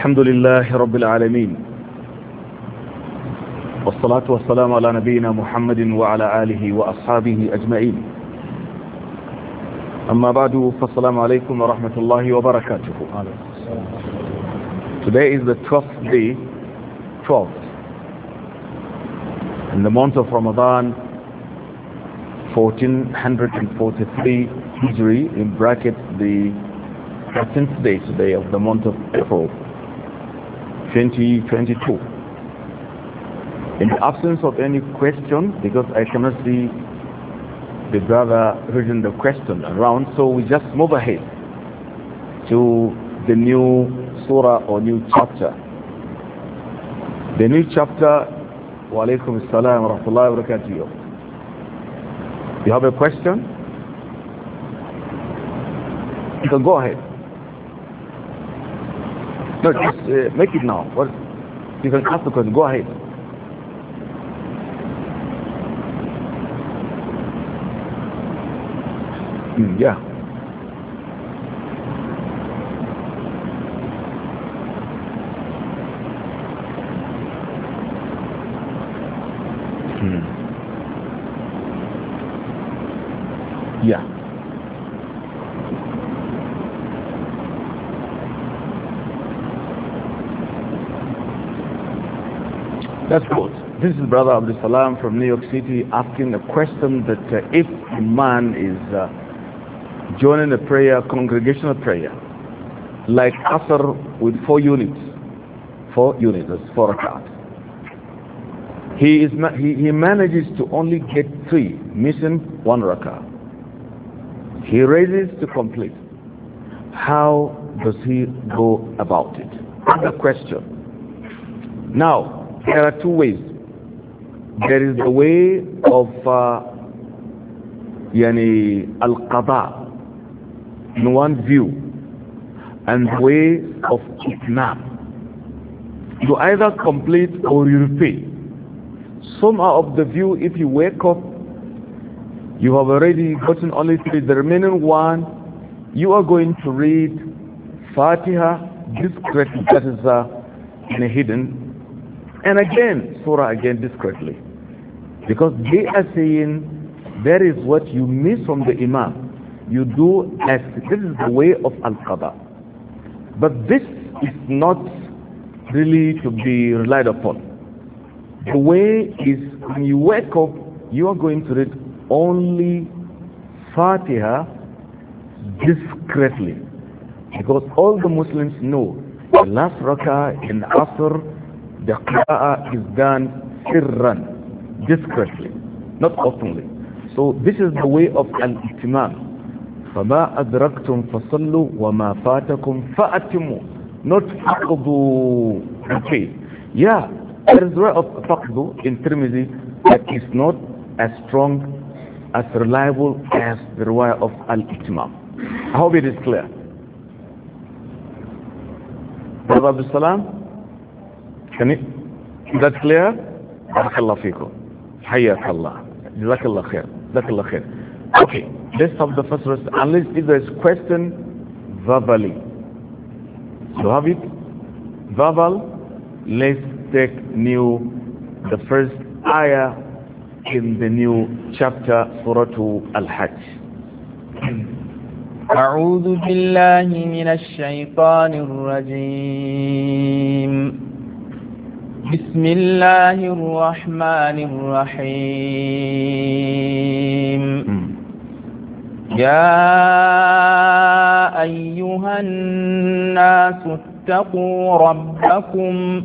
الحمد لله رب العالمين والصلاة والسلام على نبينا محمد وعلى آله وأصحابه أجمعين أما بعد فالسلام عليكم ورحمة الله وبركاته Today is the 12th day 12th in the month of Ramadan 1443 Hijri in bracket the 13th day today of the month of April 2022. In the absence of any question, because I cannot see the brother reading the question around, so we just move ahead to the new surah or new chapter. The new chapter, wa alaikum assalam wa rahmatullahi wa barakatuh. You have a question? You can go ahead. No, just uh, make it now. What? You can ask the question. Go ahead. Mm, yeah. Hmm. Yeah. That's good. This is Brother Abdul Salam from New York City asking a question that uh, if a man is uh, joining a prayer, congregational prayer, like Asr with four units, four units, that's four cards. He, is not, he, he manages to only get three, missing one rakah. He raises to complete. How does he go about it? Another question. Now, there are two ways there is the way of uh, yani al-qada in one view and the way of itnab you either complete or you repay some are of the view if you wake up you have already gotten only three the remaining one you are going to read fatiha discreet that is uh, in a hidden and again, surah again discreetly. Because they are saying, there is what you miss from the imam. You do as, this is the way of al-qada. But this is not really to be relied upon. The way is when you wake up, you are going to read only Fatiha discreetly. Because all the Muslims know the last rakah in Asr the qira'ah is done sirran, discreetly, not openly. So this is the way of al-itimam. فما أدركتم فصلوا وما فاتكم فأتموا not فقدوا okay yeah there is way of فقدوا in Tirmidhi that is not as strong as reliable as the way of Al-Itmam I hope it is clear Brother Abdul Salam Can it, is that clear? حياك الله جزاك الله خير جزاك الله خير Okay, let's stop the first verse. Unless if there is question, verbally. You have it? Verbal. Let's take new, the first ayah in the new chapter, Surah Al-Hajj. أعوذ بالله من الشيطان الرجيم بسم الله الرحمن الرحيم يا أيها الناس اتقوا ربكم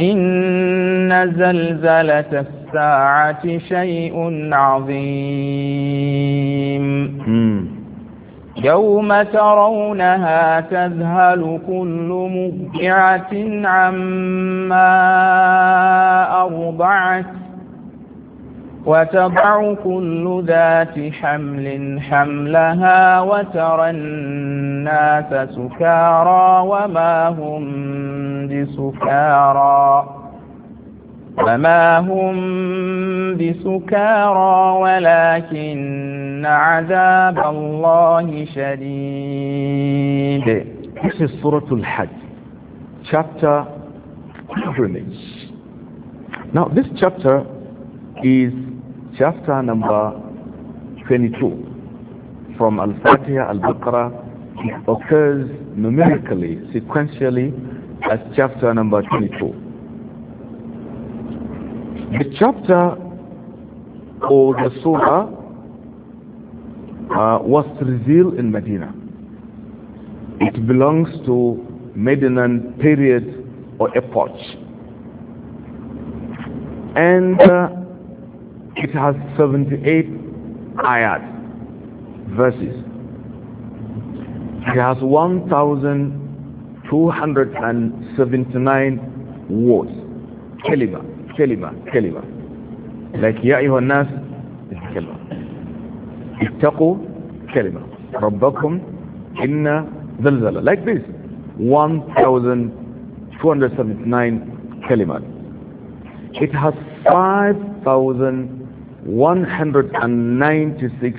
إن زلزلة الساعة شيء عظيم يوم ترونها تذهل كل مرضعة عما أرضعت وتضع كل ذات حمل حملها وترى الناس سكارى وما هم بسكارى وما هم بسكارى ولكن عذاب الله شديد This is Surah Al-Hajj, chapter pilgrimage. Now this chapter is chapter number 22 from Al-Fatiha, Al-Baqarah. It occurs numerically, sequentially as chapter number 22. The chapter or the surah uh, was revealed in Medina. It belongs to Medinan period or epoch. And uh, it has 78 ayat, verses. It has 1,279 words, kalima. كلمة كلمة like يا أيها الناس كلمة اتقوا كلمة ربكم إن زلزلة like this 1279 كلمات it has 5196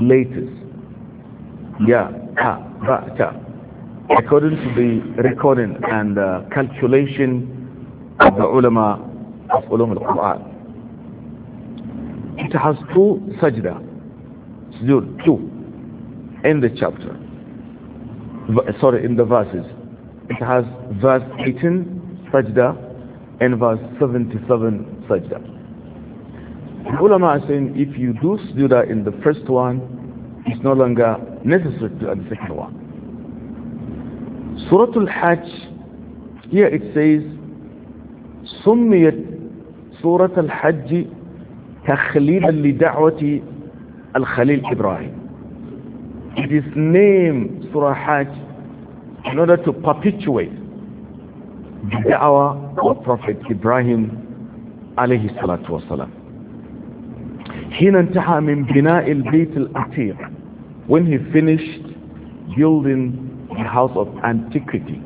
letters yeah ta, ba, ta. according to the recording and uh, calculation of the ulama of Ulum al-Quran. It has two sajda, two, in the chapter, sorry, in the verses. It has verse 18 sajda and verse 77 sajda. The ulama are saying if you do surah in the first one, it's no longer necessary to do the second one. Surah Al-Hajj, here it says, سميت صورة الحج تخليلا لدعوة الخليل Ibrahim it is named Surah Hajj in order to perpetuate the da'wah of Prophet Ibrahim alayhi الصلاة والسلام حين انتهى من بناء البيت الأتيق when he finished building the house of antiquity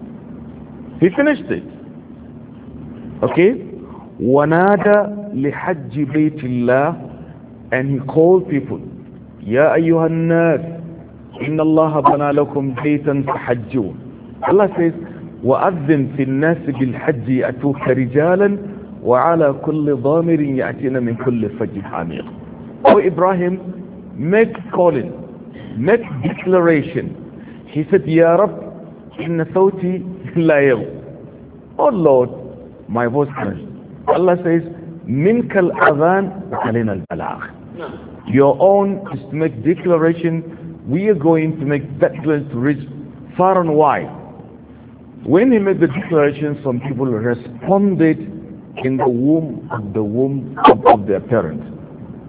he finished it okay وَنَادَى لِحَجِّ بَيْتِ اللَّهِ And he called people, يَا أَيُّهَا النَّاسِ إِنَّ اللَّهَ بَنَى لَكُمْ بَيْتًا فَحَجُّونَ الله says, وَأَذِّنْ فِي النَّاسِ بِالْحَجِّ يَأْتُوكَ رِجَالًا وَعَلَى كُلِّ ضَامِرٍ يأتينا مِنْ كُلِّ فَجٍّ عَمِيقٍ O Ibrahim, make calling, make declaration. He said, يا رب إِنَّ صَوْتِي لَا يَغْوِ Oh Lord, my voice Allah says, Minkal adhan wa al-balagh. Your own is to make declaration. We are going to make that declaration to reach far and wide. When he made the declaration, some people responded in the womb of the womb of, their parents.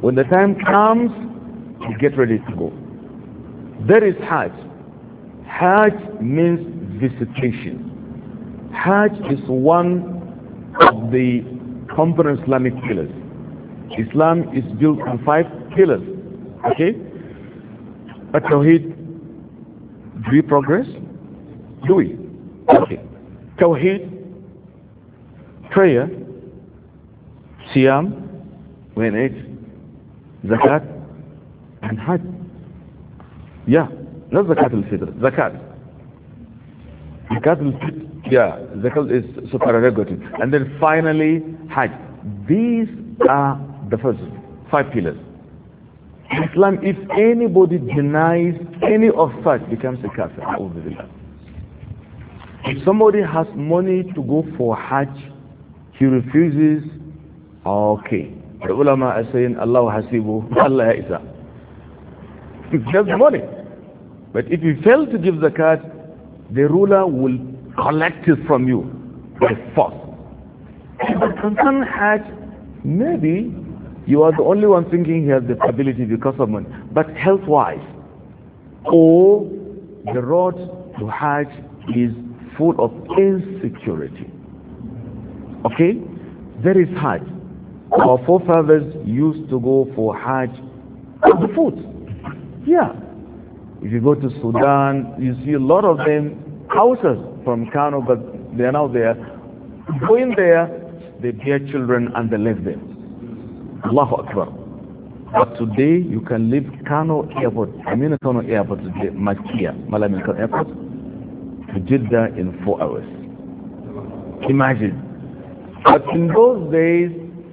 When the time comes, you get ready to go. There is Hajj. Hajj means visitation. Hajj is one of the component Islamic pillars. Islam is built on five pillars. Okay? But Tawheed, do we progress? Do we? Okay. Tawheed, prayer, Siyam, when it, Zakat, and Hajj. Yeah, not Zakat al-Fitr, Zakat. Zakat al-Fitr yeah zakat is supererogatory and then finally hajj these are the first five pillars islam if anybody denies any of such becomes a kafir if somebody has money to go for hajj he refuses okay the ulama are saying allah hasibu allah isa just money but if you fail to give zakat the ruler will Collected from you by force. But concern Hajj, maybe you are the only one thinking he has the ability because of money, but health-wise, or the road to Hajj is full of insecurity. Okay? There is Hajj. Our forefathers used to go for Hajj on the foot. Yeah. If you go to Sudan, you see a lot of them houses from Kano, but they are now there. Going there, they bear children and they live there. Allahu Akbar. But today, you can leave Kano Airport, I mean Kano Airport today, Makia, Kano Airport, to Jeddah in four hours. Imagine. But in those days,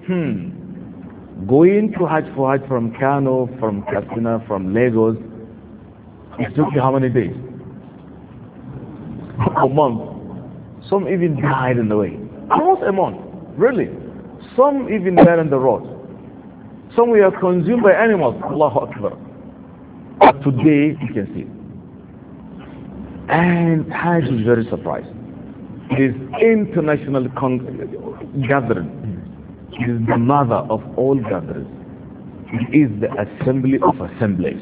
hmm, going to Hajj for Hajj from Kano, from Katsina, from Lagos, it took you how many days? a month. Some even died in the way. Almost a month, really. Some even died on the road. Some were consumed by animals. Allahu Akbar. But today, you can see. And Hajj is very surprised. This international gathering is the mother of all gatherings. It is the assembly of assemblies.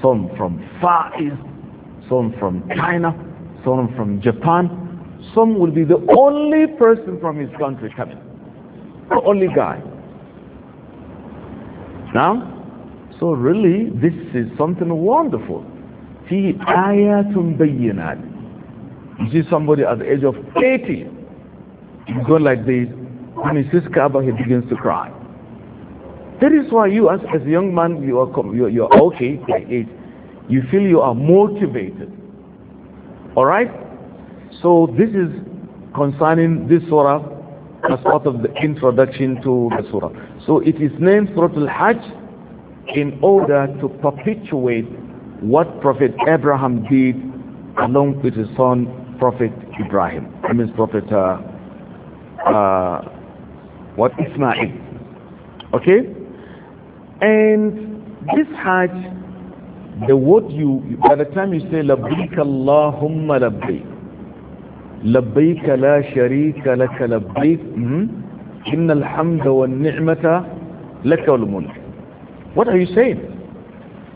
Some from Far East, some from China, some from Japan, some will be the only person from his country coming. The only guy. Now, so really, this is something wonderful. See, ayatun bayyinat. You see somebody at the age of 80, going like this, when he sees Kaaba, he begins to cry. That is why you, as, as a young man, you are, you are okay by age. You feel you are motivated all right so this is concerning this surah as part of the introduction to the surah so it is named surah al-hajj in order to perpetuate what prophet abraham did along with his son prophet ibrahim i mean prophet uh, uh, what ismail okay and this hajj the word you by the time you say labbaik allahumma labbaik labbaik la sharika laka labbaik hmm? inna alhamda wan ni'mata laka wal mulk what are you saying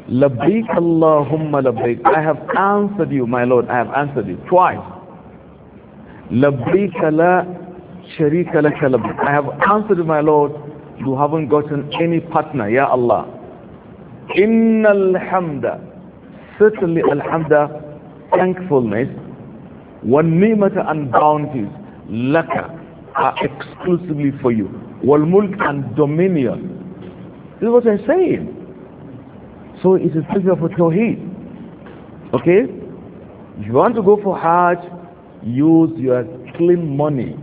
labbaik allahumma labbaik i have answered you my lord i have answered you twice labbaik la sharika laka labbaik i have answered you, my lord you haven't gotten any partner ya allah إن الحمد certainly الحمد thankfulness والنعمة and bounties لك are exclusively for you Wal-mulk and dominion this is what I'm saying so it's a figure for Tawheed okay if you want to go for Hajj use your clean money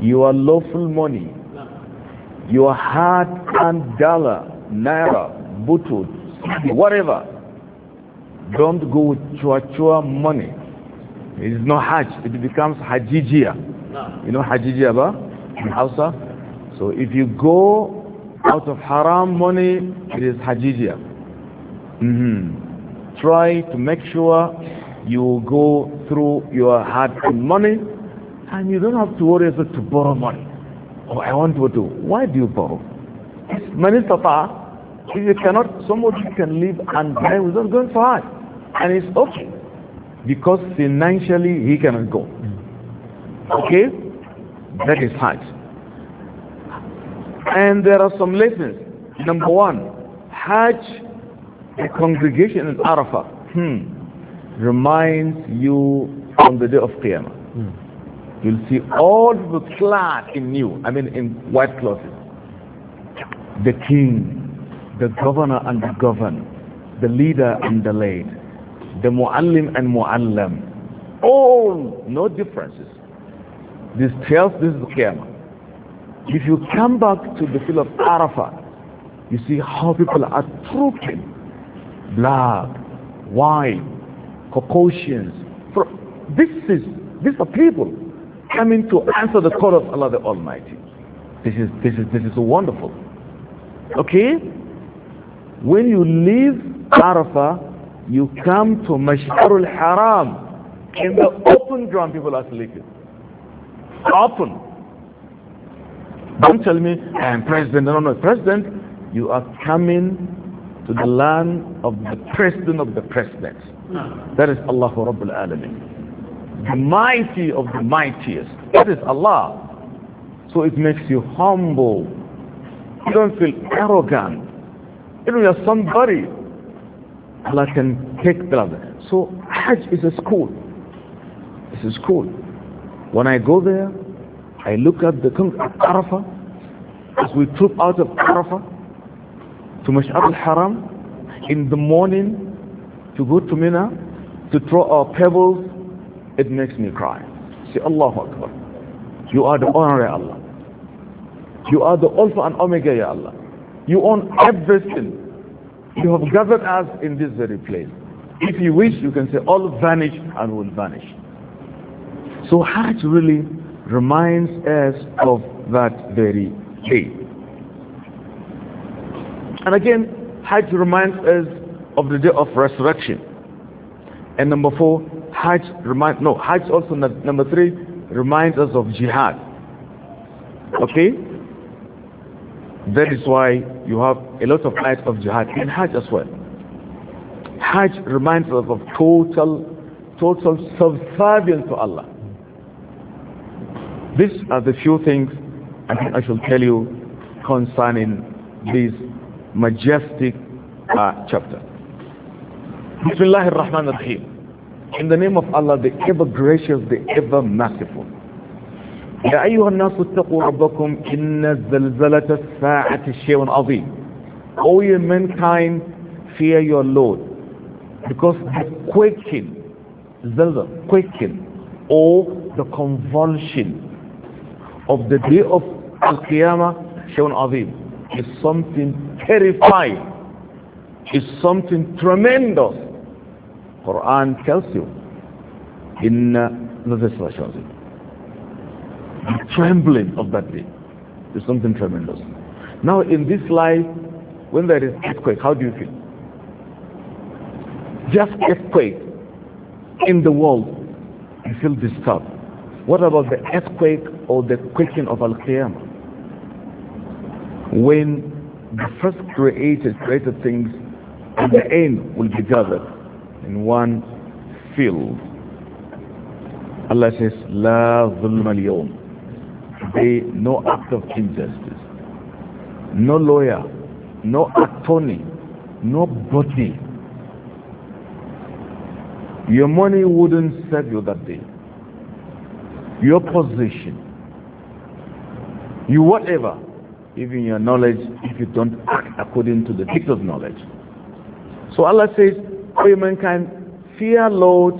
your lawful money your hard and dollar naira butut, whatever. Don't go with chua chua money. It's not hajj. It becomes hajijia. You know hajijia ba? In Hausa? So if you go out of haram money, it is hajijia. Mm -hmm. Try to make sure you go through your hard money and you don't have to worry about to borrow money. Oh, I want to do. Why do you borrow? Many sata if you cannot, somebody can live and die without going for Hajj. And it's okay. Because financially he cannot go. Okay? That is Hajj. And there are some lessons. Number one, Hajj, the congregation in Arafah, hmm, reminds you on the day of Qiyamah. Hmm. You'll see all the clad in new, I mean in white clothes. The king, the governor and the governed, the leader and the laid, the mu'allim and mu'allam. All, no differences. This tells this is Qiyamah. If you come back to the field of Arafah, you see how people are trooping. Black, white, Caucasians. This is, these are people coming to answer the call of Allah the Almighty. This is, this is, this is wonderful. Okay? when you leave Arafah, you come to Mash'arul Haram. In the open ground, people are sleeping. Open. Don't tell me, I am president. No, no, no. President, you are coming to the land of the president of the president. That is Allah Rabbul Alameen. The mighty of the mightiest. That is Allah. So it makes you humble. You don't feel arrogant even if you're somebody, Allah can take the other. So Hajj is a school. It's a school. When I go there, I look at the king Arafah, as we troop out of Arafah to Mash'ar al-Haram in the morning to go to Mina to throw our pebbles, it makes me cry. Say, Allahu Akbar. You are the of Allah. You are the Alpha and Omega, Ya Allah. You own everything. You have gathered us in this very place. If you wish, you can say, all vanish and will vanish. So Hajj really reminds us of that very day. And again, Hajj reminds us of the day of resurrection. And number four, Hajj reminds, no, Hajj also number three reminds us of jihad. Okay? That is why you have a lot of acts of jihad in Hajj as well. Hajj reminds us of total, total subservience to Allah. These are the few things I think I shall tell you concerning this majestic uh, chapter. Bismillahir Rahmanir Rahim. In the name of Allah, the ever gracious, the ever merciful. يا أيها الناس اتقوا ربكم إن الزلزلة الساعة الشيء العظيم O your mankind fear your Lord because the quaking zelzal, quaking or the convulsion of the day of Al-Qiyamah شيء عظيم is something terrifying is something tremendous Quran tells you إن uh, الشيء العظيم the trembling of that day is something tremendous. Now in this life, when there is earthquake, how do you feel? Just earthquake in the world, you feel disturbed. What about the earthquake or the quaking of Al-Qiyamah? When the first created, created things and the end will be gathered in one field. Allah says, لا ظلم اليوم be no act of injustice, no lawyer, no attorney, no body. Your money wouldn't save you that day. Your position, you whatever, even your knowledge, if you don't act according to the dictates of knowledge. So Allah says, O mankind, fear Lord,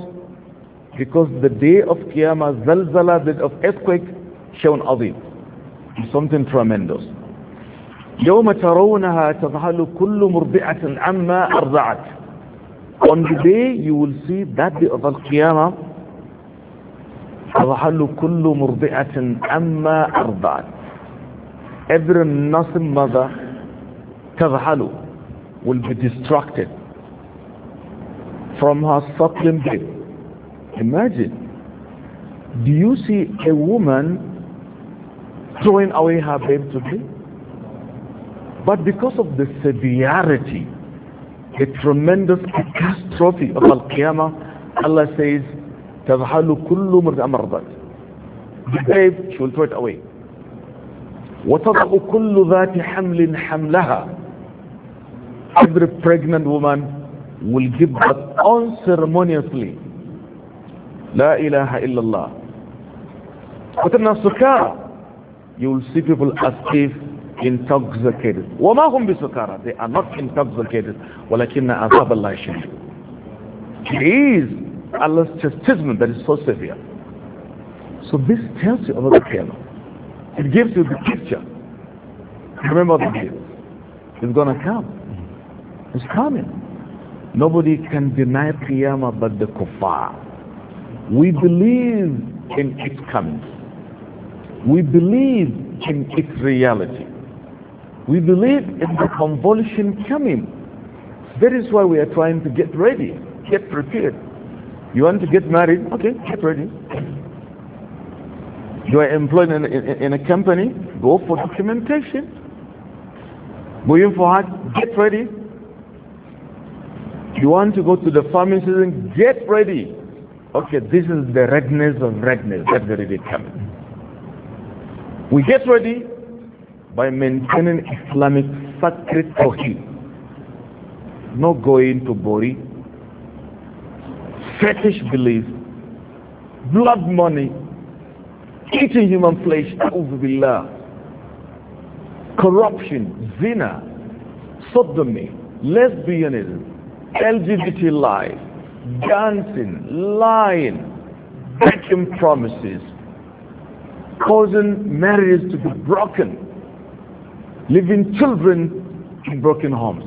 because the day of Qiyamah, zalzala, day of earthquake, شيء عظيم something tremendous يوم ترونها تظهر كل مرضعة عما أرضعت on the day you will see that day of Al-Qiyamah تظهر كل مرضعة عما أرضعت every nursing mother تظهر will be distracted from her suckling baby imagine do you see a woman throwing away her babe to be. But because of the severity, the tremendous catastrophe of Al-Qiyamah, Allah says, "Tazhalu kullu مُرْضَ The babe, she will throw it away. وَتَضَعُ كُلُّ ذَاتِ حَمْلٍ حَمْلَهَا Every pregnant woman will give birth unceremoniously. لا إله إلا الله وتمنى السكارى you will see people as if intoxicated وما هم بسكارى they are not intoxicated ولكن عذاب الله شديد it is Allah's chastisement that is so severe so this tells you about the piano it gives you the picture remember the day it's gonna come it's coming nobody can deny Qiyamah but the kuffar we believe in its coming we believe in its reality. We believe in the convulsion coming. That is why we are trying to get ready, get prepared. You want to get married? Okay, get ready. You are employed in, in, in a company? Go for documentation. Moving forward, get ready. You want to go to the farming season? Get ready. Okay, this is the redness of redness. That's already coming. We get ready by maintaining Islamic sacred tawheed. Not going to bury fetish belief, blood money, eating human flesh, billah, corruption, zina, sodomy, lesbianism, LGBT life, dancing, lying, breaking promises, causing marriages to be broken, leaving children in broken homes.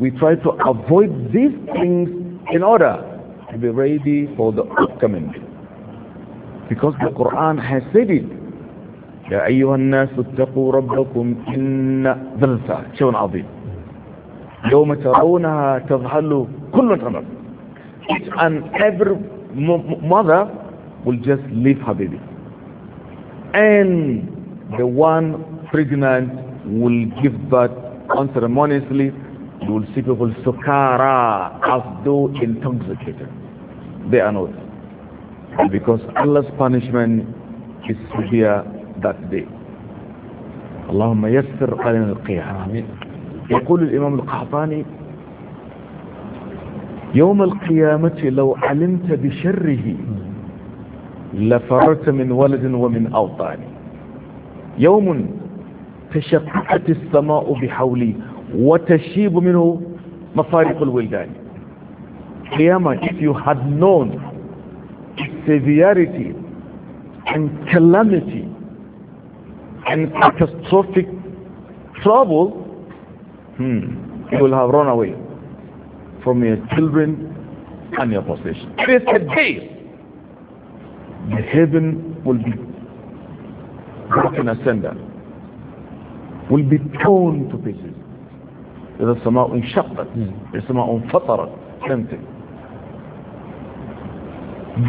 We try to avoid these things in order to be ready for the upcoming. Because the Quran has said it. يا أيها الناس اتقوا ربكم إن شيء عظيم يوم ترونها تظهر كل each and every mother will just leave her baby and the one pregnant will give birth unceremoniously you will see people sukara as though intoxicated they are not because Allah's punishment is severe that day اللهم يسر علينا القيامة يقول الإمام القحطاني يوم القيامة لو علمت بشره لفرت من ولد ومن أوطان يوم تشققت السماء بحولي وتشيب منه مفارق الولدان قياما if you had known severity and calamity and catastrophic trouble hmm, you will have run away from your children and your possession it is a day the heaven will be broken asunder, will be torn to pieces. إذا السماء انشقت hmm. السماء انفطرت something.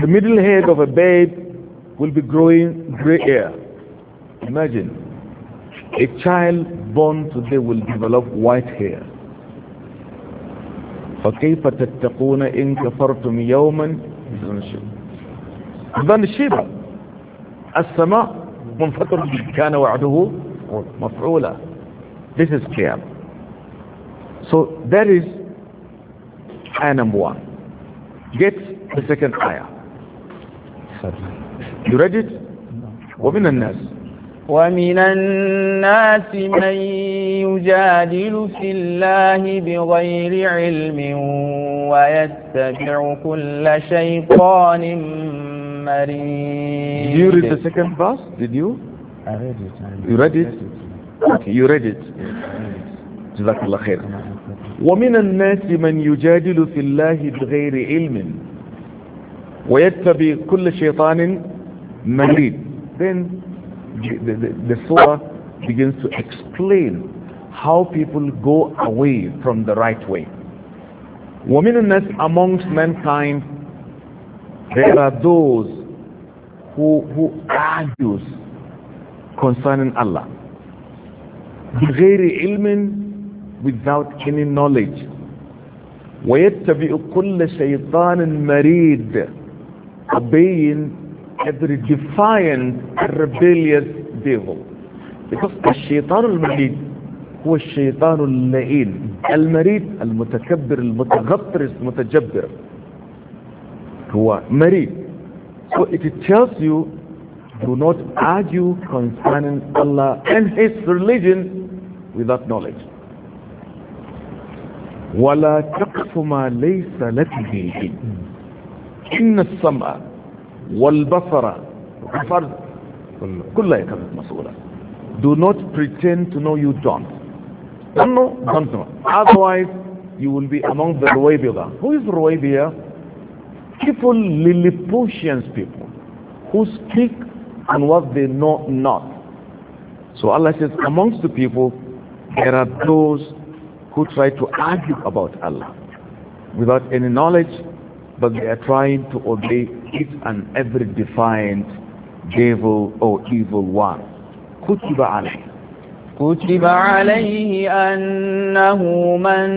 The middle head of a babe will be growing gray hair. Imagine, a child born today will develop white hair. فكيف تتقون إن كفرتم يوما ظن الشيبة السماء منفطر كان وعده مفعولة this is clear so that is ayah number one get the second ayah you read it ومن الناس ومن الناس من يجادل في الله بغير علم ويتبع كل شيطان Did you read the second verse? Did you? I read it. I you read it? Okay, you read it. جزاك الله خير ومن الناس من يجادل في الله بغير علم ويتبع كل شيطان Then the, the, the surah begins to explain how people go away from the right way. وَمِنَ النَّاسِ amongst mankind there are those who, who argue concerning Allah علم without any knowledge ويتبع كل شيطان مريد obeying every defiant rebellious devil because الشيطان المريد هو الشيطان اللئين المريد المتكبر المتغطرس المتجبر who are married. So it tells you, do not argue concerning Allah and His religion without knowledge. ولا تقف ما ليس لك به إن السمع والبصر والفرد كلها كانت مسؤولة do not pretend to know you don't don't know don't know otherwise you will be among the Ruwaybiyah who is Ruwaybiyah people, Lilliputians people, who speak and what they know not. So Allah says, amongst the people, there are those who try to argue about Allah without any knowledge, but they are trying to obey each and every defiant devil or evil one. كتب عليه كتب عليه أنه من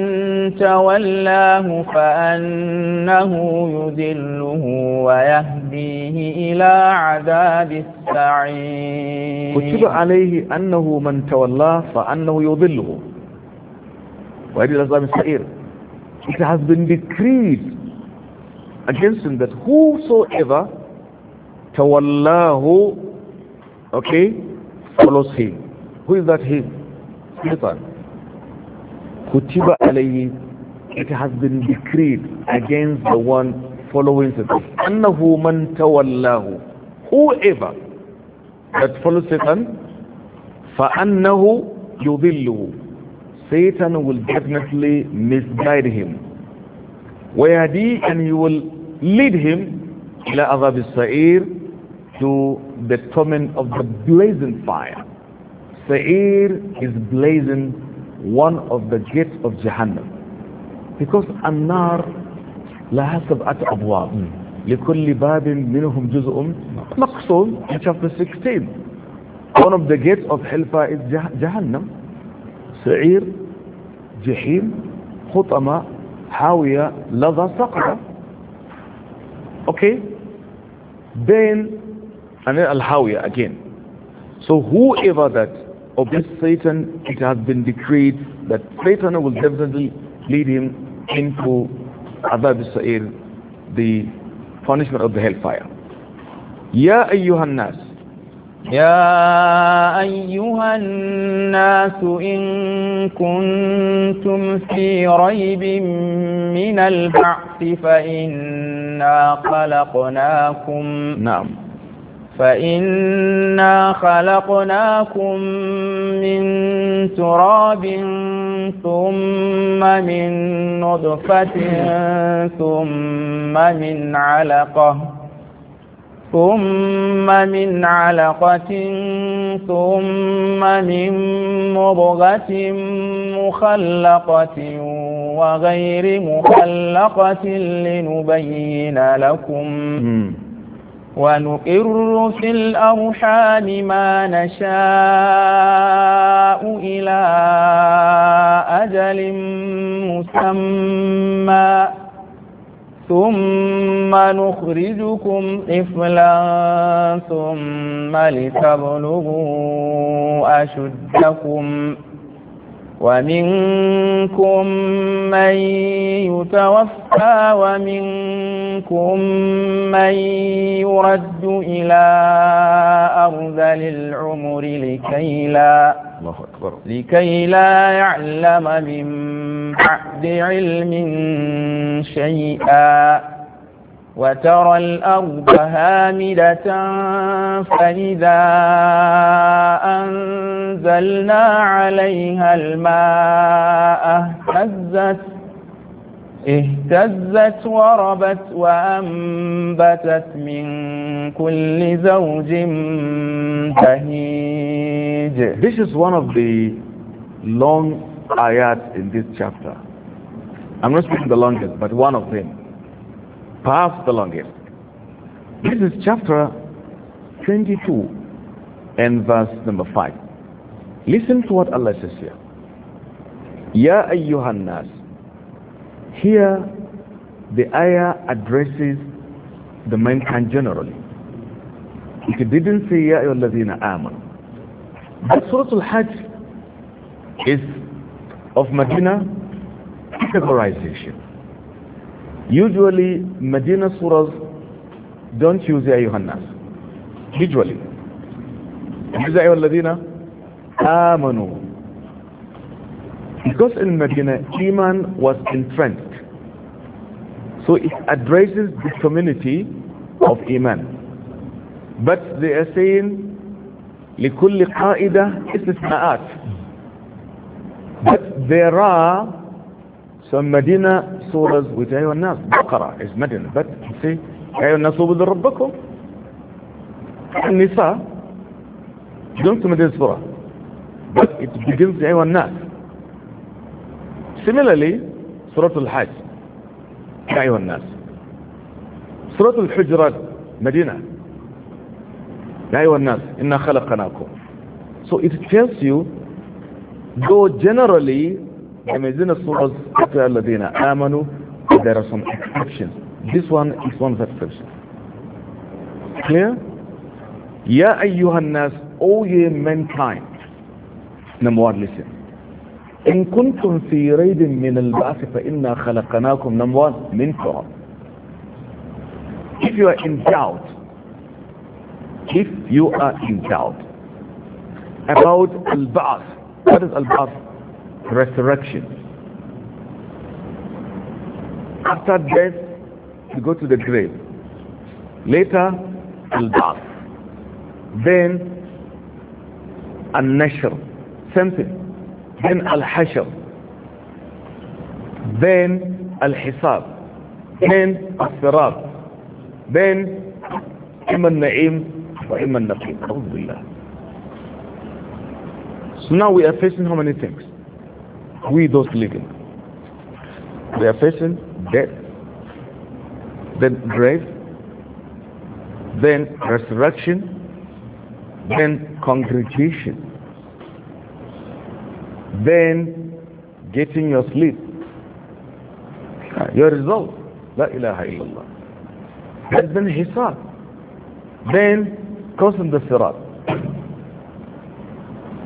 تولاه فأنه يذله ويهديه إلى عذاب السعير كتب عليه أنه من تولاه فأنه يذله ويهديه إلى عذاب السعير It has been decreed against him that whosoever تولاه okay follows him Who is that him? Satan. Kutiba alayhi, it has been decreed against the one following Satan. Annahu man tawallahu. Whoever that follows Satan, فَأَنَّهُ يُضِلُّهُ Satan will definitely misguide him. Wayadi, And he will lead him إِلَى أَذَابِ To the torment of the blazing fire. Sa'ir is blazing one of the gates of Jahannam. Because An-Nar hasab at أبواب لكل باب منهم جزء مقصود in chapter 16 one of the gates of hellfire is Jahannam سعير جحيم خطمة حاوية لظى سقطة okay then and then al-hawiya again so whoever that of this Satan, it has been decreed that Satan will definitely lead him into Adab Sa'ir, the punishment of the hellfire. Ya ayyuhan Ya ayyuhan in kun fi raybin min al-ba'ti fa inna khalaqnakum. Naam. فإنا خلقناكم من تراب ثم من نطفة ثم من علقة ثم من علقة ثم من مضغة مخلقة وغير مخلقة لنبين لكم ونقر في الأرحام ما نشاء إلى أجل مسمى ثم نخرجكم طفلا ثم لتبلغوا أشدكم ومنكم من يتوفى ومنكم من يرد إلى أرذل العمر لكي لا الله أكبر لكي لا يعلم من بعد علم شيئا وترى الأرض هامدة فإذا أنزلنا عليها الماء اهتزت اهتزت وربت وأنبتت من كل زوج بهيج This is one of the long ayat in this chapter. I'm not speaking the longest, but one of them. Past the longest. This is chapter 22 and verse number 5. Listen to what Allah says here. Ya ayyuhan nas. Here the ayah addresses the mankind generally. It didn't say Ya ayyuhalladhina amanu. But Surah Al-Hajj is of Medina categorization. Usually, Medina surahs don't use Ya Yohannas. Usually. Usually, Ayyuhalladina Amanu. Because in Medina, Iman was entrenched. So it addresses the community of Iman. But they are saying, لكل قائدة استثناءات. But there are So مدينة surahs قلت أيها الناس بقرة is مدينة but see أيها الناس وبذل ربكم النساء belongs مدينة Medina surah but it begins أيها الناس similarly سورة الحاج أيها الناس سورة الحجرات مدينة يا أيها الناس إنا خلقناكم so it tells you though generally amazing surahs a source Ladina Amanu. There are some exceptions. This one is one of the exceptions. Clear? Ya ayyuhan nas, O ye mankind. Number one, listen. إن كنتم في ريب من البعث فإنا خلقناكم number one min تراب. If you are in doubt, if you are in doubt about al-ba'ath, what is al-ba'ath? resurrection. After death, you go to the grave. Later, you'll die. Then, al-nashr, same thing. Then al-hashr. Then al-hisab. Then al-sirab. Then iman naim. وإما النقيم So now we are facing how many things? we those living. They are facing death, then grave, then resurrection, then congregation, then getting your sleep, your result, La ilaha illallah. That's then hisab, then crossing the sirat.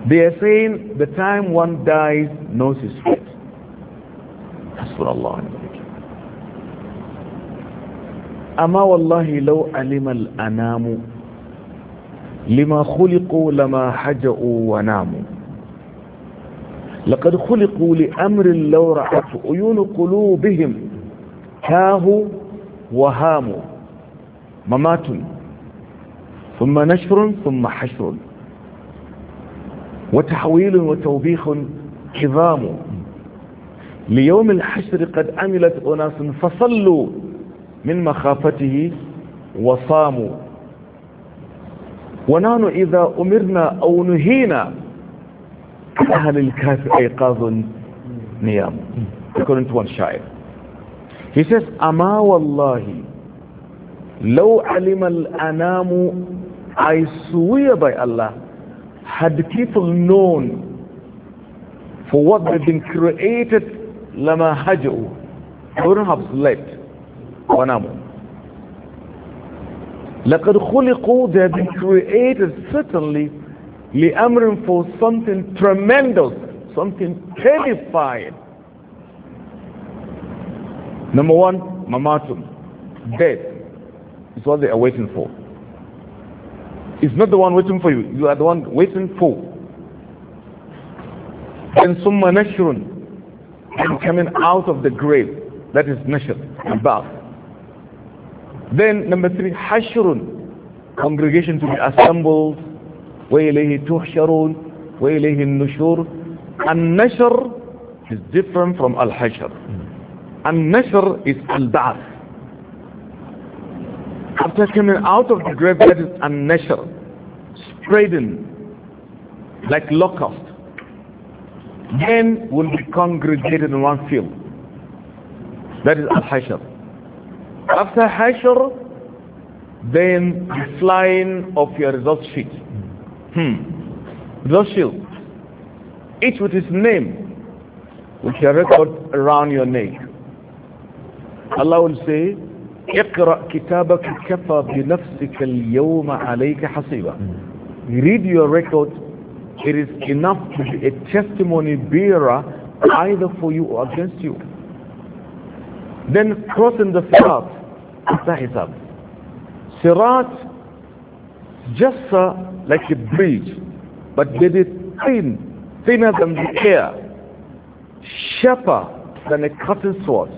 They are saying the time one dies, knows his fate. That's what Allah أما والله لو علم الأنام لما خلقوا لما حجأوا وناموا لقد خلقوا لأمر لو رأت عيون قلوبهم هاه وهاموا ممات ثم نشر ثم حشر وتحويل وتوبيخ عظام ليوم الحشر قد عملت أناس فصلوا من مخافته وصاموا ونحن إذا أمرنا أو نهينا أهل الكاف إيقاظ نيام according to one شاعر he says أما والله لو علم الأنام I swear by Allah Had the people known for what they've been created, lama hajju, wouldn't have slept. Wanamu. لقد خلقوا they have been created certainly لأمر for something tremendous something terrifying number one mamatum death is what they are waiting for is not the one waiting for you. You are the one waiting for. And summa nashrun. And coming out of the grave. That is nashr, bath. Then number three, hashrun. Congregation to be assembled. وَإِلَيْهِ تُحْشَرُونَ وَإِلَيْهِ النُّشُورُ is different from al-hashr. And nashr is al-ba'th after coming out of the grave that is unnatural, spreading like locust, then will be congregated in one field. That is Al-Hashr. After Hashr, then the flying of your result sheet. Hmm. Result sheet. Each with its name, with your record around your neck. Allah will say, اقرأ كتابك كفى بنفسك اليوم عليك حصيبة read your record it is enough to be a testimony bearer either for you or against you then crossing the sirat after sirat just uh, like a bridge but it it thin thinner than the air sharper than a cutting sword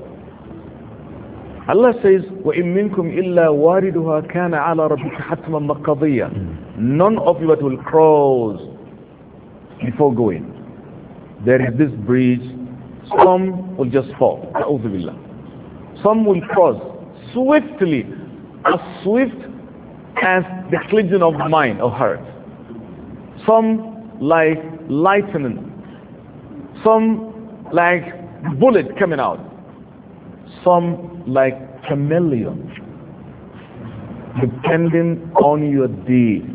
Allah says, وَإِن إِلَّا وَارِدُهَا كَانَ عَلَى رَبِّكَ حَتْمًا مَقَضِيًّا None of you will cross before going. There is this bridge. Some will just fall. Some will cross swiftly, as swift as the collision of mind or heart. Some like lightning. Some like bullet coming out some like chameleon, depending on your deed.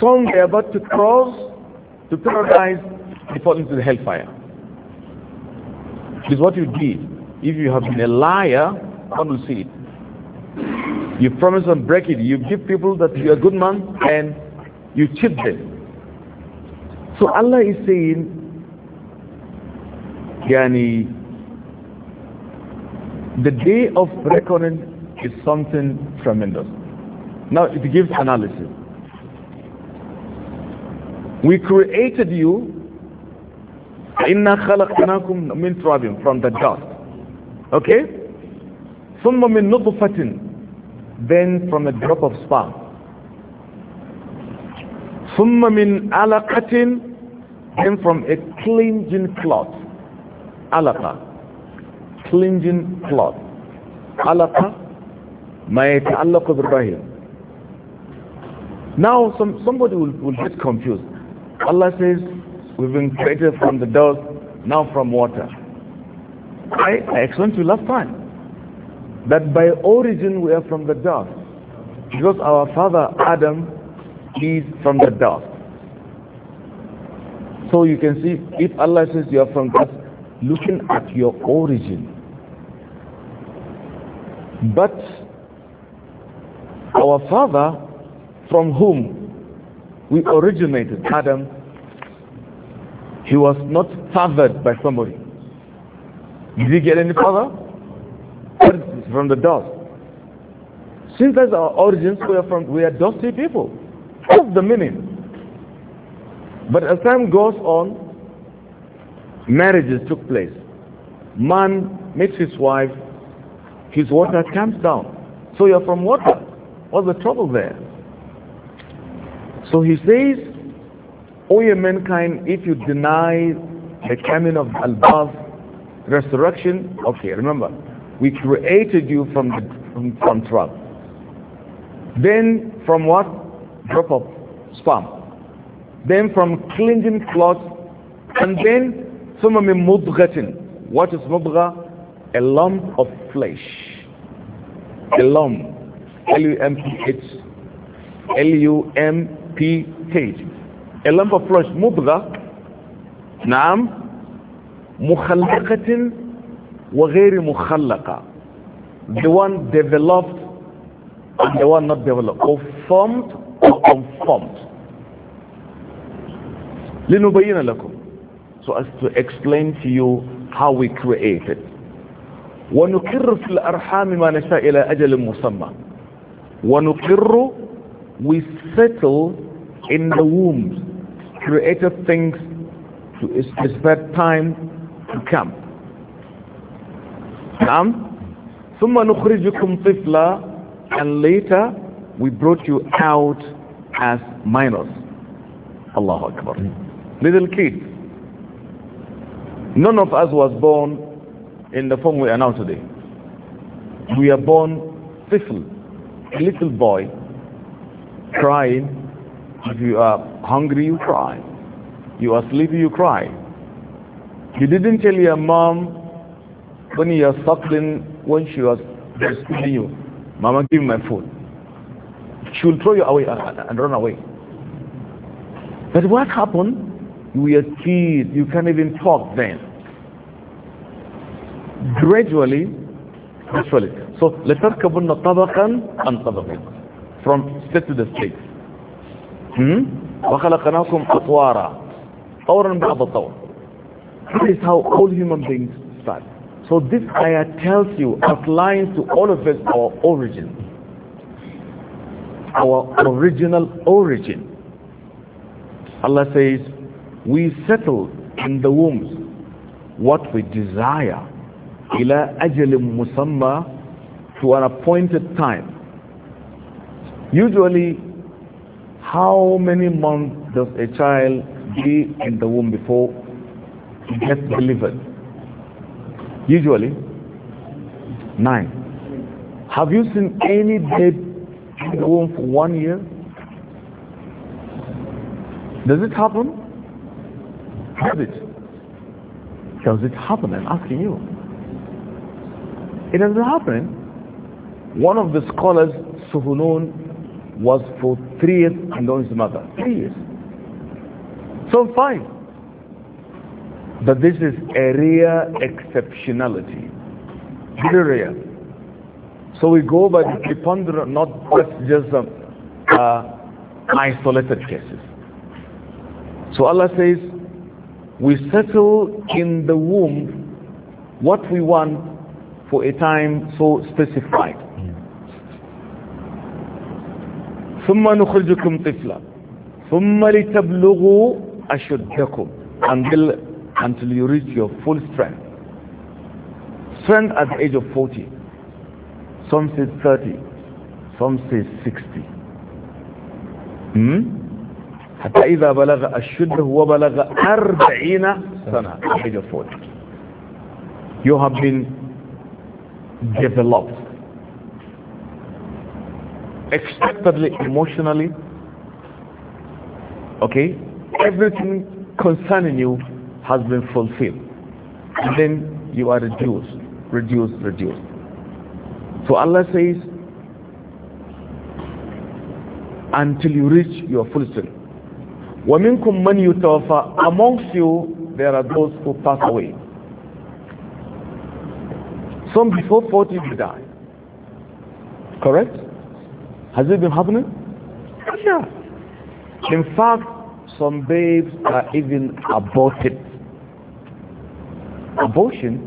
Some they are about to cross to paradise before into the hellfire. It is what you did. If you have been a liar, Come will see it. You promise and break it. You give people that you are a good man and you cheat them. So Allah is saying, Yani the day of reckoning is something tremendous. Now it gives analysis. We created you إِنَّا خَلَقْنَاكُمْ مِنْ From the dust. Okay? Summa min نُطْفَةٍ Then from a drop of sperm. ثُمَّ مِنْ عَلَقَةٍ Then from a clinging cloth. عَلَقَةٍ cleansing cloth. Alaqa ma yata'allaqu birrahim. Now some, somebody will, will get confused. Allah says, we've been created from the dust, now from water. I, I explained to you last time that by origin we are from the dust because our father Adam is from the dust. So you can see if Allah says you are from dust, looking at your origin, but our father from whom we originated, Adam, he was not fathered by somebody. Did he get any father? From the dust. Since that's our origins, we are from we are dusty people. That's the meaning. But as time goes on, marriages took place. Man meets his wife, his water comes down. So you're from water. What's the trouble there? So he says, O ye mankind, if you deny the coming of Al-Ba'ath, resurrection, okay, remember, we created you from, the, from, from trap. Then from what? Drop of sperm. Then from clinging cloth. And then, ثم من مضغة. What is مضغة? a lump of flesh. A lump. L-U-M-P-H. L-U-M-P-H. A lump of flesh. مبغى نعم مخلقة وغير مخلقة. The one developed and the one not developed. Or formed or unformed. لنبين لكم. So as to explain to you how we created. ونقر في الأرحام ما نشاء إلى أجل ونقر we settle in the womb, created things to expect time to come نعم ثم نخرجكم طفلا and later we brought you out as minors Allahu Akbar mm-hmm. little kids none of us was born in the form we are now today. We are born fearful. A little boy crying. If you are hungry, you cry. You are sleepy, you cry. You didn't tell your mom when you are suckling, when she was breastfeeding you, Mama, give me my food. She will throw you away and run away. But what happened? We are kids. You can't even talk then gradually gradually so لَتَرْكَبُنَّ طَبَقًا and طَبَقًا from state to the state hmm? وَخَلَقَنَاكُمْ أَطْوَارًا طَوْرًا بَعْضَ طَوْرًا this is how all human beings start so this ayah tells you outlines to all of us our origin our original origin Allah says we settle in the wombs what we desire ila ajali musamma to an appointed time. Usually, how many months does a child be in the womb before he gets delivered? Usually, nine. Have you seen any dead in the womb for one year? Does it happen? Does it? Does it happen? I'm asking you. It doesn't happen. One of the scholars, Suhunun, was for three years and on his mother. Three years. So five. But this is a rare exceptionality. Very rare. So we go by the preponderance, not just uh, isolated cases. So Allah says, we settle in the womb what we want for a time so specified ثم نخرجكم طفلا ثم لتبلغوا أشدكم until, until you reach your full strength strength at the age of 40 some say 30 some say 60 hmm? حتى إذا بلغ الشده وبلغ أربعين سنة age of 40 you have been developed. Expectedly, emotionally, okay, everything concerning you has been fulfilled. And then you are reduced, reduced, reduced. So Allah says, until you reach your full strength. وَمِنْكُمْ مَنْ Amongst you, there are those who pass away. Some before 40 they die. Correct? Has it been happening? Yeah. In fact, some babes are even aborted. Abortion?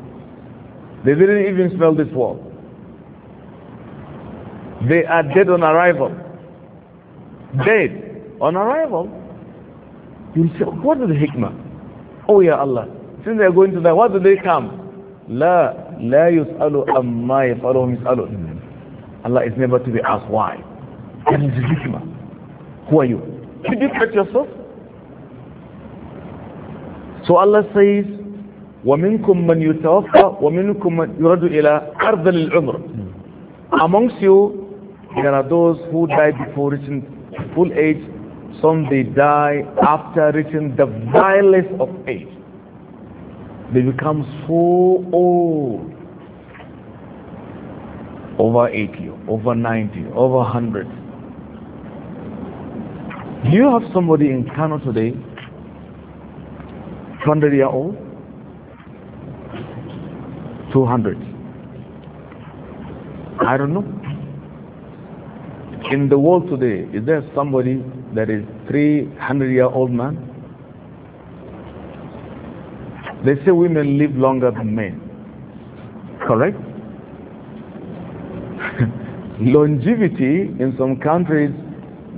They didn't even smell this word. They are dead on arrival. Dead on arrival. You say, what is the hikmah? Oh yeah, Allah. Since they are going to die, why do they come? La la yus'alu amma yaf'aluhu yus'alun Allah is never to be asked why that is the hikmah who are you you did yourself so Allah says ومنكم wa يتوفى ومنكم من يرد إلى أرض للعمر amongst you there are those who die before reaching full age some they die after reaching the vilest of age they become so old over 80 over 90 over 100 do you have somebody in Kano today 100 year old 200 I don't know in the world today is there somebody that is 300 year old man they say women live longer than men. Correct? Longevity in some countries,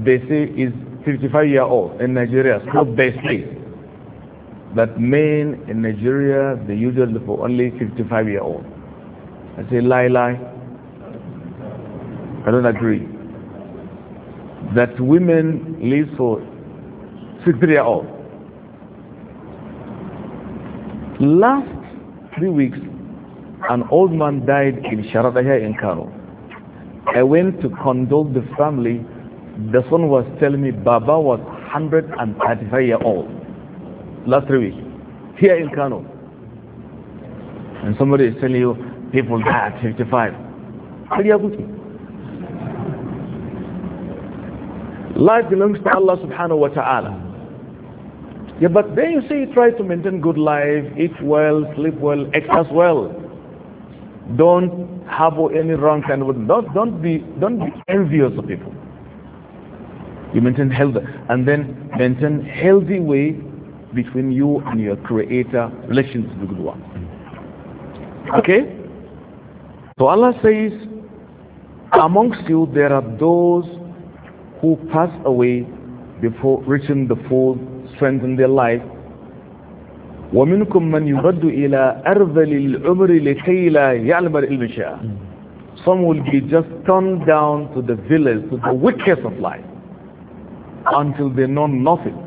they say, is 55 year old in Nigeria. So they say that men in Nigeria, they usually for only 55 year old. I say, lie, lie. I don't agree. That women live for 60 year old. Last three weeks, an old man died in Sharadaya in Kano. I went to condole the family. The son was telling me Baba was 135 years old last three weeks here in Kano. And somebody is telling you people die at 55. Life belongs to Allah subhanahu wa ta'ala. Yeah, but then you say try to maintain good life, eat well, sleep well, exercise well. Don't have any wrong kind of don't don't be don't be envious of people. You maintain health and then maintain healthy way between you and your creator relations with good one. Okay? So Allah says amongst you there are those who pass away before reaching the full strengthen their life ومنكم من يرد إلى العمر لكي لا يعلم some will be just turned down to the village to the wickedest of life until they know nothing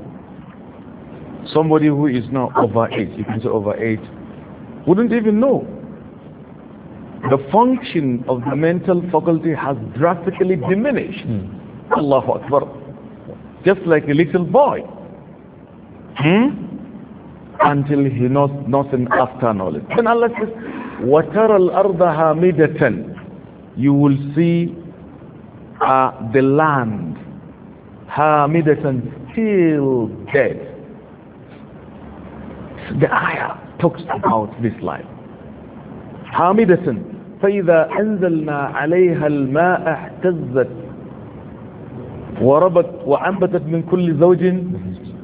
somebody who is now over age you can say over age wouldn't even know the function of the mental faculty has drastically diminished hmm. Allahu Akbar just like a little boy hmm? until he knows nothing after knowledge. And Allah says, وَتَرَ الْأَرْضَ هَامِدَةً You will see uh, the land هَامِدَةً still dead. the ayah talks about this life. هَامِدَةً فَإِذَا أَنزَلْنَا عَلَيْهَا الْمَاءَ اَحْتَزَّتْ وربت وأنبتت من كل زوج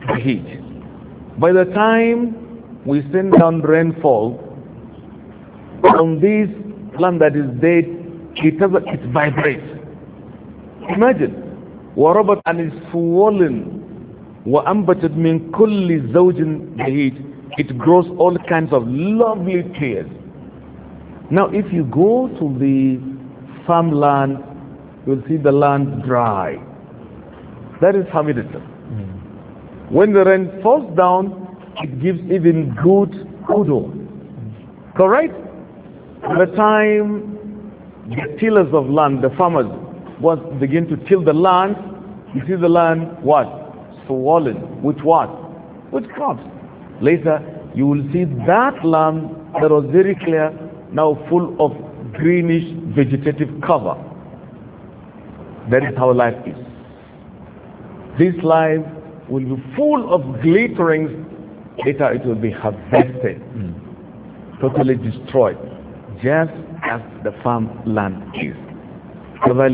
بهيج By the time we send down rainfall on this land that is dead, it it vibrates. Imagine, about and it's swollen وأنبتت من كل زوج بهيج it grows all kinds of lovely trees. Now if you go to the farmland, you'll see the land dry. That is how it is. When the rain falls down, it gives even good odor. Correct? By the time the tillers of land, the farmers, was begin to till the land, you see the land what? Swollen. With what? With crops. Later, you will see that land that was very clear, now full of greenish vegetative cover. That is how life is. This life will be full of glitterings. Later it will be harvested, mm. totally destroyed, just as the farmland is. So the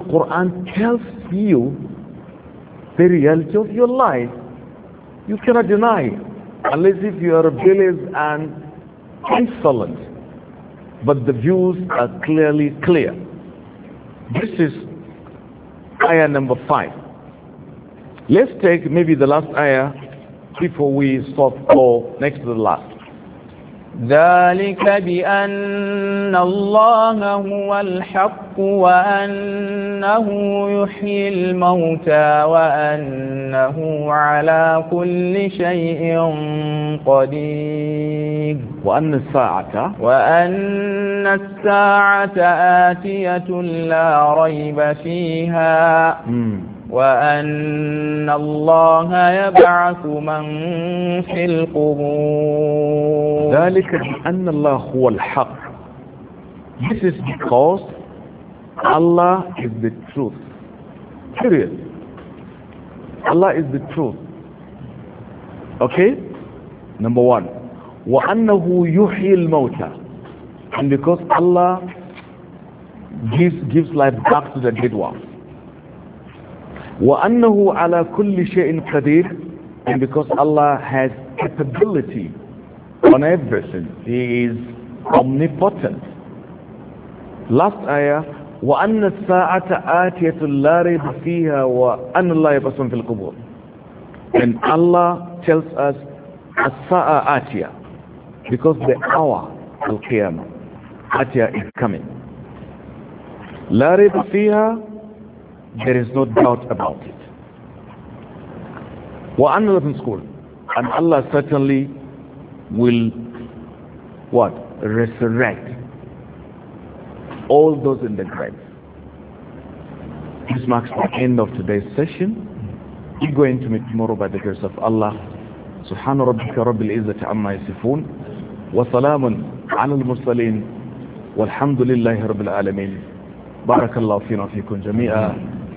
Quran tells you the reality of your life. You cannot deny it, unless if you are rebellious and insolent. But the views are clearly clear. This is ayah number five. Let's take maybe the last ayah before we stop or next to the last. ذلك بأن الله هو الحق وأنه يحيي الموتى وأنه على كل شيء قدير وأن الساعة وأن الساعة آتية لا ريب فيها م. وأن الله يبعث من في القبور ذلك بأن الله هو الحق This is because Allah is the truth Period Allah is the truth Okay Number one وأنه يحيي الموتى And because Allah gives, gives life back to the dead one وأنه على كل شيء قدير and because Allah has capability on everything He is omnipotent last ayah وأن الساعة آتية لا ريب فيها وأن الله يبصم في القبور and Allah tells us الساعة آتية because the hour القيامة آتية is coming لا ريب فيها There is no doubt about it. وَأَنَّ in school, And Allah certainly will what? Resurrect all those in the grave. This marks the end of today's session. We're going to meet tomorrow by the grace of Allah. سبحان ربك رب العزة عما يصفون وسلام على المرسلين والحمد لله رب العالمين بارك الله فينا فيكم جميعا